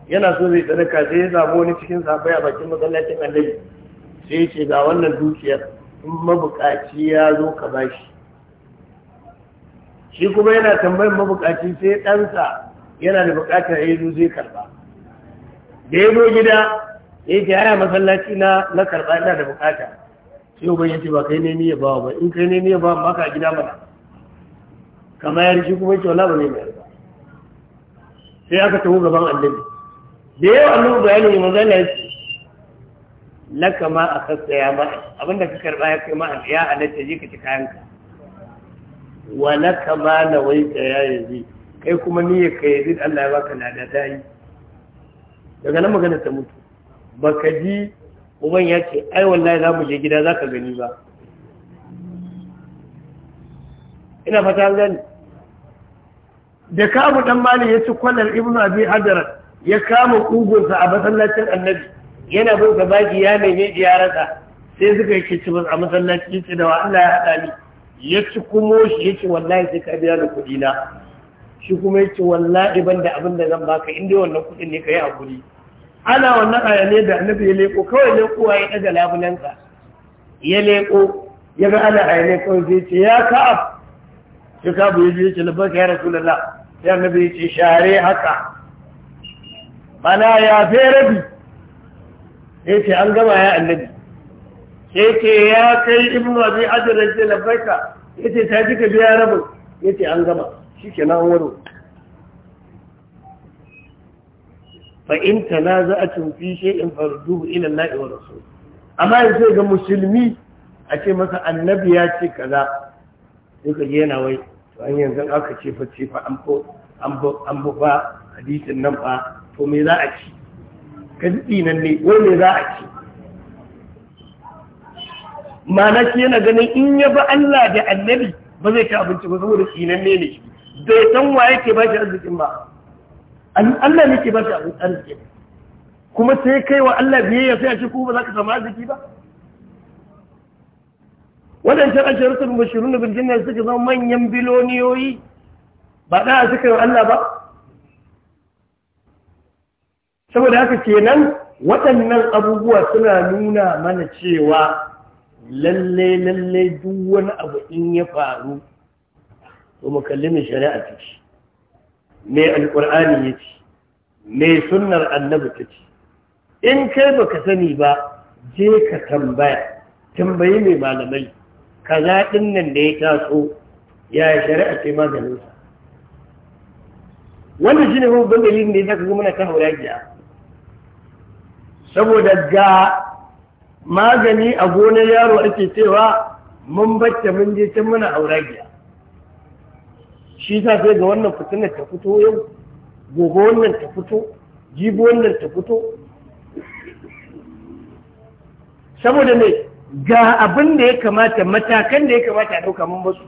yana so zai sadaka sai ya samu wani cikin sabai a bakin masallacin annabi sai ya ce ga wannan dukiyar in mabukaci ya zo ka bashi shi kuma yana tambayin mabukaci sai ɗansa yana da bukatar ya zo zai karba da ya zo gida ya ce ana masallaci na na karba ina da bukata yau ban yace ba kai ne ni ya ba ba in kai ne ni ya ba maka ka gida mana kamar ya rishi kuma kyau ba ne mai ba sai aka tabo gaban annabi da yau annabi bayani ne manzo Allah ya ce laka ma a kasta ya ba abinda ka karba ya kai ma ya halatta je ka ci kayanka wa laka ma ka ya yanzu kai kuma ni ya kai yanzu Allah ya baka na ta yi daga nan magana ta mutu baka ji uban ya ce ai wallahi za mu je gida za ka gani ba ina fata gani da kamu dan mali ya ci kwanar ibn abi hadarat ya kama kugunsa a masallacin annabi yana bin sa baki ya neme ziyararsa sai suka yi ci a masallacin ce da wa Allah ya haɗa ni ya ci kuma shi ya ce wallahi sai ka biya da kuɗi na shi kuma ya ce wallahi ban da abin da zan baka inda wannan kuɗin ne ka yi a guri ana wannan ne da annabi ya leko kawai leko ya daga labulanka ya leko ya ga ana ne kawai zai ce ya ka'af shi ka bu yaji ce labarka ya lalla ya annabi ya ce share haka bana ya fi rabi sai ce an gama ya annabi sai ce ya kai ibn wabi adran ce ya ce ta ji ka biya rabin ce an gama ke an waro fa in cin fi shay'in farduhu ila Allah wa rasu amma sai ga musulmi a ce masa annabi ya ce kaza sai ka yana wai to an yanzu aka ce fa ce fa an fo an an hadisin nan ba, to me za a ci Ka ji nan ne wai me za a ci ma'ana shi yana ganin in ya ba Allah da annabi ba zai ci abinci ba saboda tsinan ne ne bai san wa yake ba shi arzikin ba Allah ne ke ba shi abin arziki kuma sai kai wa Allah biyayya sai a ce kuma ba za ka samu arziki ba Wadancan waɗancan ashirutun na bil janna suka zama manyan biloniyoyi ba da suka yi Allah ba saboda haka kenan waɗannan abubuwa suna nuna mana cewa lalle lalle duk wani abu in ya faru to mu kalli shari'a ciki me alƙur'ani ya ce me sunnar annabi ta ce in kai baka sani ba je ka tambaya tambayi mai malamai kaza ɗin nan da ya taso ya shari'a ce maganinsa wannan shi ne babban dalilin da ya zaka ga ta hauragiya saboda ga magani a gonar yaro ake cewa mun bacce mun je can muna hauragiya shi sa sai ga wannan fitina ta fito yau gobe wannan ta fito jibi wannan ta fito saboda ne ga abin da ya kamata matakan da ya kamata a ɗauka mun basu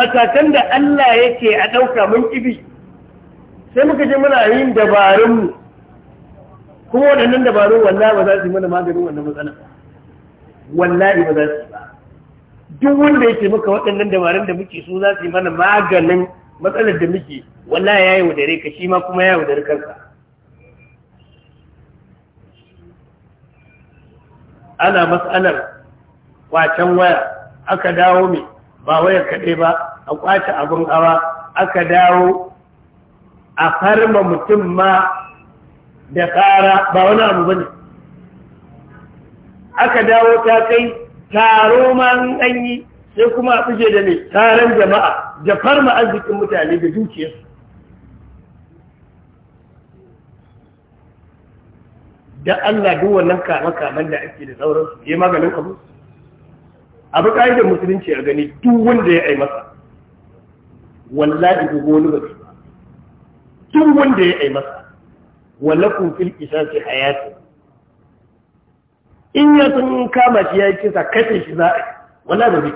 matakan da Allah yake a ɗauka mun ibi sai muka je muna yin dabarunmu kuma waɗannan dabarun wallahi ba za su yi mana maganin wannan matsalar wallahi ba za su yi ba duk wanda yake taimaka waɗannan dabarun da muke su za su yi mana maganin matsalar da muke wala ya wadare ka shi ma kuma ya wadare kansa ana matsalar kwacen waya aka dawo mai ba wayar kaɗai ba a kwace abin hawa aka dawo a harma mutum ma da ƙara ba wani abu ba ne aka dawo ta kai taro ma an yi sai kuma a fije da mai taron jama'a da farma arzikin mutane da dukiyarsu da Allah duk wannan kama-kaman da ake da sauransu ya maganin abu abu ƙa'idar musulunci a gani duk wanda ya yi masa wallahi duk wani ba duk wanda ya yi masa wallakun fil isasi hayatin in ya sun kama shi ya yi kisa kashe shi za a yi wala da zai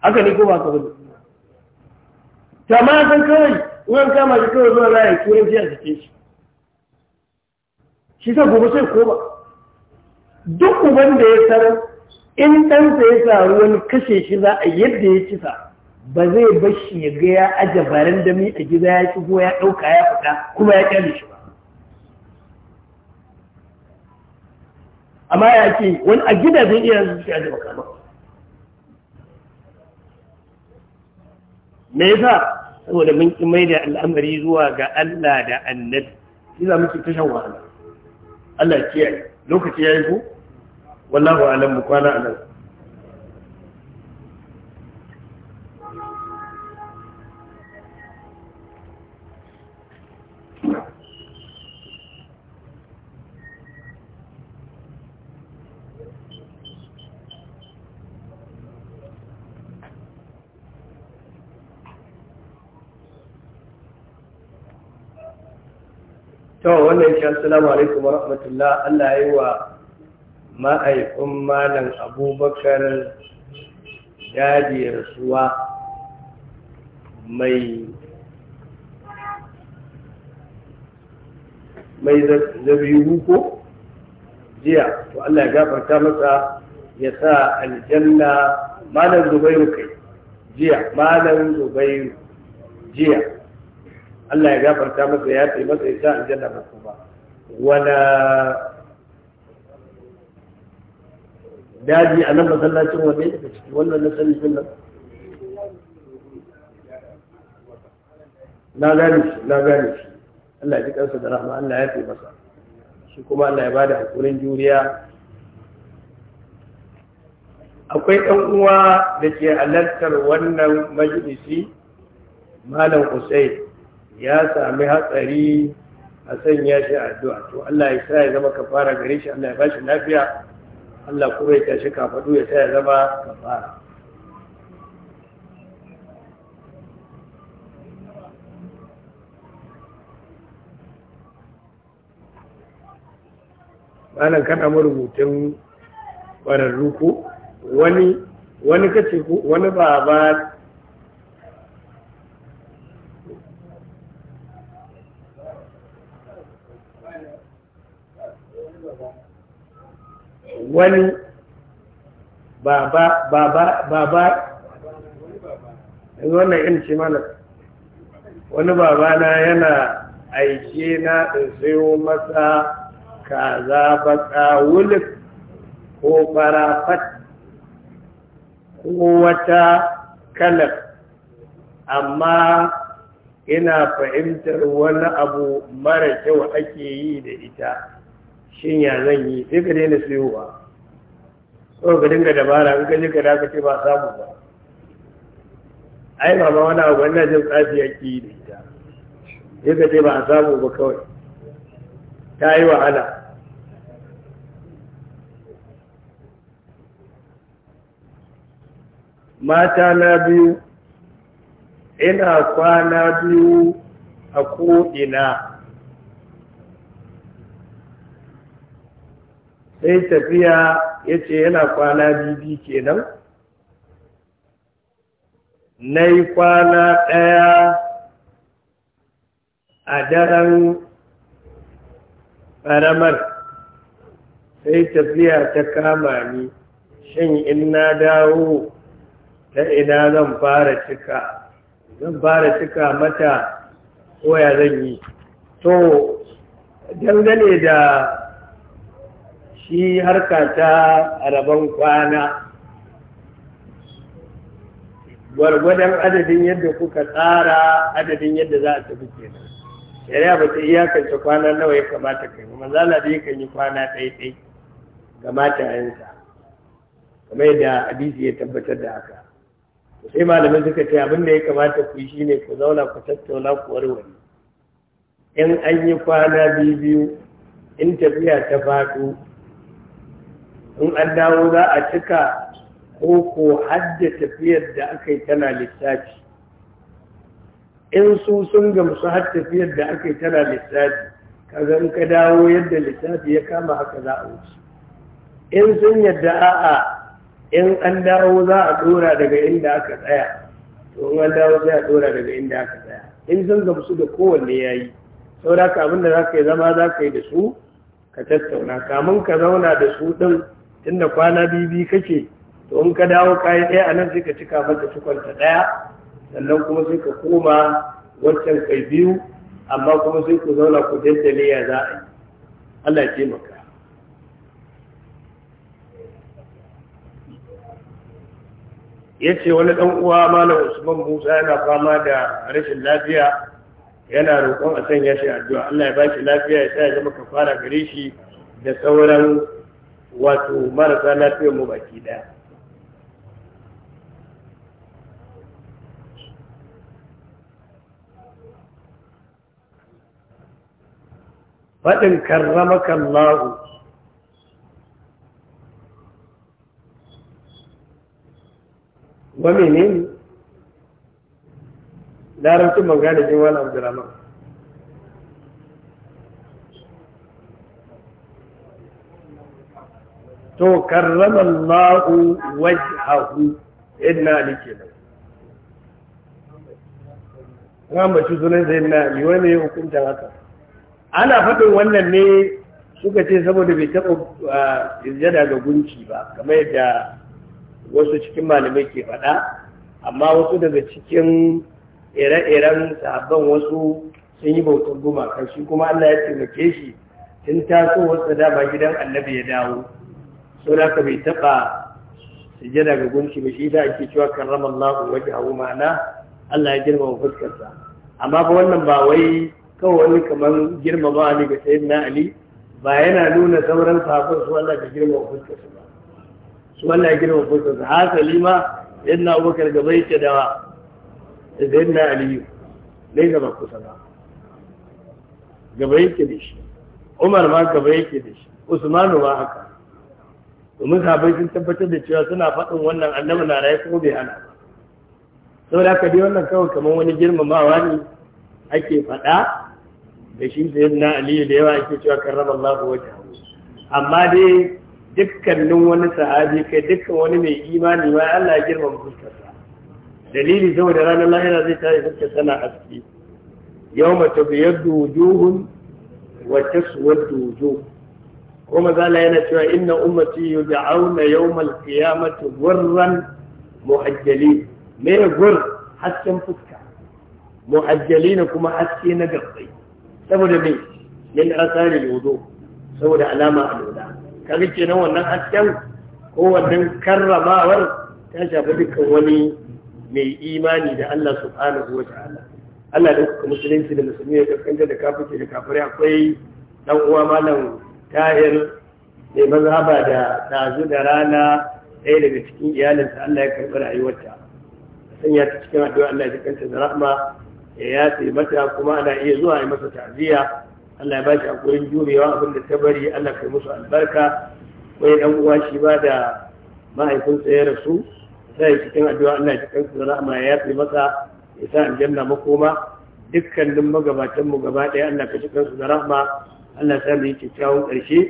haka ne ko ba kawai ta ma san kawai wani kama shi kawai zuwa za a yi turanci da ke shi shi sa gobe sai koma duk wanda da ya san in ɗansa ya sa wani kashe shi za a yadda ya kisa ba zai bashi ya ga ya aje dami a gida ya shigo ya ɗauka ya fita kuma ya kyale shi ba amma ya ake wani a gidajen iyayen su suke aje kama. me yasa saboda mun ki mai da al'amari zuwa ga Allah da annabi shi za mu ta shan wahala Allah ya kiyaye lokaci yayi ko wallahu a'lam mu kwana anan wannan yake assalamu alaikum wa rahmatullah Allah ya yi wa ma'aikun malam abubakar daji rasuwa mai mai zabihu ko jiya to Allah ya gafarta masa ya sa aljanna malam zubairu kai jiya malam zubairu jiya Allah ya gafarta masa ya fi masa ya sha aljanna masu ba wala daji a nan masallacin wanda ya ciki wannan na sani nan na gane shi na gane shi Allah ya ji kansa da rahama Allah ya fi masa shi kuma Allah ya bada hakurin juriya akwai ɗan uwa da ke halartar wannan majalisi malam Hussein ya sami hatsari a sanya shi addu'a to Allah ya sa ya zama kafara gare shi Allah ya ba shi lafiya Allah kuma ya tashi kafadu ya sa ya zama kafara ranar kada marubutun ƙwararru ko wani wani kace ko wani ba wani baba baba wannan ce mana wani babana yana aike na in sayo masa kaza baka wulif ko farafat ko wata kalar amma ina fahimtar wani abu mara kyau ake yi da ita shin ya zan yi sai ka daina sayowa so ka dinga dabara in ka je ka dace ba samu ba ai baba wani abu wannan jin tsafi yake yi da ita ya ka ce ba a samu ba kawai ta yi wahala mata na biyu ina kwana biyu a ko'ina sai tafiya ya ce yana kwana bibi kenan na yi kwana ɗaya a daren ƙaramar sai tafiya ta kama ni shin in na dawo ta ina zan fara cika zan fara cika mata koya zan yi to dangane da shi harka ta rabon kwana gwargwadon adadin yadda kuka tsara adadin yadda za a tafi kenan shari'a ba ta iyakance kwana nawa ya kamata kai kuma zala da yakan yi kwana ɗaiɗai ga matayensa kamar yadda hadisi ya tabbatar da haka sai malamin suka ce abin da ya kamata ku yi shine ku zauna ku tattauna ku warware in an yi kwana biyu biyu in tafiya ta faɗo in an dawo za a cika ko ko hajja tafiyar da aka yi tana lissafi in su sun gamsu har tafiyar da aka yi tana lissafi kaga in ka dawo yadda lissafi ya kama haka za a wuce in sun yadda a'a in an dawo za a dora daga inda aka tsaya to in an dawo za a dora daga inda aka tsaya in sun gamsu da kowanne ya yi saboda abin da za ka yi zama za ka yi da su ka tattauna kamun ka zauna da su ɗin tunda kwana bibi kake to in ka dawo kayan ɗaya a nan sai ka cika mata tukunta ɗaya sannan kuma sai ka koma wancan kai biyu amma kuma sai ku zauna ku daddale ya za a yi Allah ya taimaka ya ce wani ɗan uwa malam usman musa yana fama da rashin lafiya yana roƙon a sanya shi addu'a Allah ya ba shi lafiya ya sa ya zama ka fara gare shi da sauran wato marasa lafiyar mu baki daya faɗin karramaka Allah wa menene larabcin ban jin wani abdurrahman to karrama Allahu wajhahu inna ali kenan rambaci sunan sai na ali wani hukuntan haka ana faɗin wannan ne suka ce saboda bai taɓa izjada ah, ga gunki ba kamar yadda wasu cikin malamai ke faɗa amma wasu daga cikin ire-iren sabon wasu sun yi bautar gumaka shi kuma Allah ya taimake shi tun tasowar wasu dama gidan annabi ya dawo sau da ka bai taɓa sujjada ga gunki ba shi da ake cewa karrama Allah waje abu ma'ana Allah ya girmama fuskarsa amma fa wannan ba wai kawai wani kamar girmama ne ga sayyidina Ali ba yana nuna sauran sahabban su Allah ya girmama fuskarsa ba su Allah ya girmama fuskarsa hasali ma sayyidina Abubakar gaba yake da sayyidina Ali ne gaba kusa ba gaba yake da shi Umar ma gaba yake da shi Usmanu ma haka domin sahabbai sun tabbatar da cewa suna faɗin wannan annabi na raye kuma bai hana ba saboda haka dai wannan kawai kamar wani girmamawa ne ake faɗa da shi da yadda aliyu da yawa ake cewa karrama Allahu wata amma dai dukkanin wani sahabi kai dukkan wani mai imani ma Allah ya girmama fuskarsa dalili saboda ranar lahira zai tare fuskar sana aski Yau biyar tabyaddu wujuhun su taswaddu wujuhun kuma zala yana cewa inna ummati yuz'auna yawmal qiyamati gurran muhajjali me gur hasken fuska muhajjali kuma haske na gabbai saboda me min asari wudu saboda alama alwuda kaga kenan wannan hasken ko wannan karramawar ta shafi dukkan wani mai imani da Allah subhanahu wa ta'ala Allah da kuka musulunci da musulmi ya kaskanta da kafirci da kafirai akwai dan uwa malam tahir mai mazhaba da tazu da rana ɗaya daga cikin iyalinsa Allah ya karɓi rayuwarta sanya ta cikin addu'a Allah ya kanta da rahma ya yafe mata kuma ana iya zuwa yi masa ta'ziya Allah ya bashi hakurin jurewa abin da ta bari Allah kai musu albarka wai dan uwa shi ba da mahaifinsa ya rasu sai cikin addu'a Allah ya kanta da rahma ya yafe masa ya sa aljanna makoma dukkanin magabatan mu gaba ɗaya Allah ka cikin su da rahma الله سامي تكاو ترشي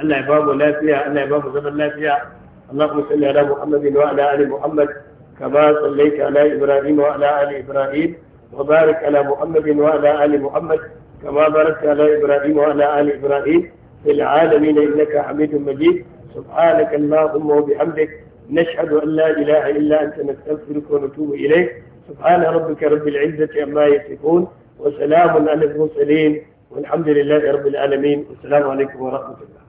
الله يبابه لا فيها الله يبابه زمن لا فيها اللهم صل على محمد وعلى آل محمد كما صليت على إبراهيم وعلى آل إبراهيم وبارك على محمد وعلى آل محمد كما باركت على إبراهيم وعلى آل إبراهيم في العالمين إنك حميد مجيد سبحانك اللهم وبحمدك نشهد أن لا إله إلا أنت نستغفرك ونتوب إليك سبحان ربك رب العزة عما يصفون وسلام على المرسلين والحمد لله رب العالمين والسلام عليكم ورحمة الله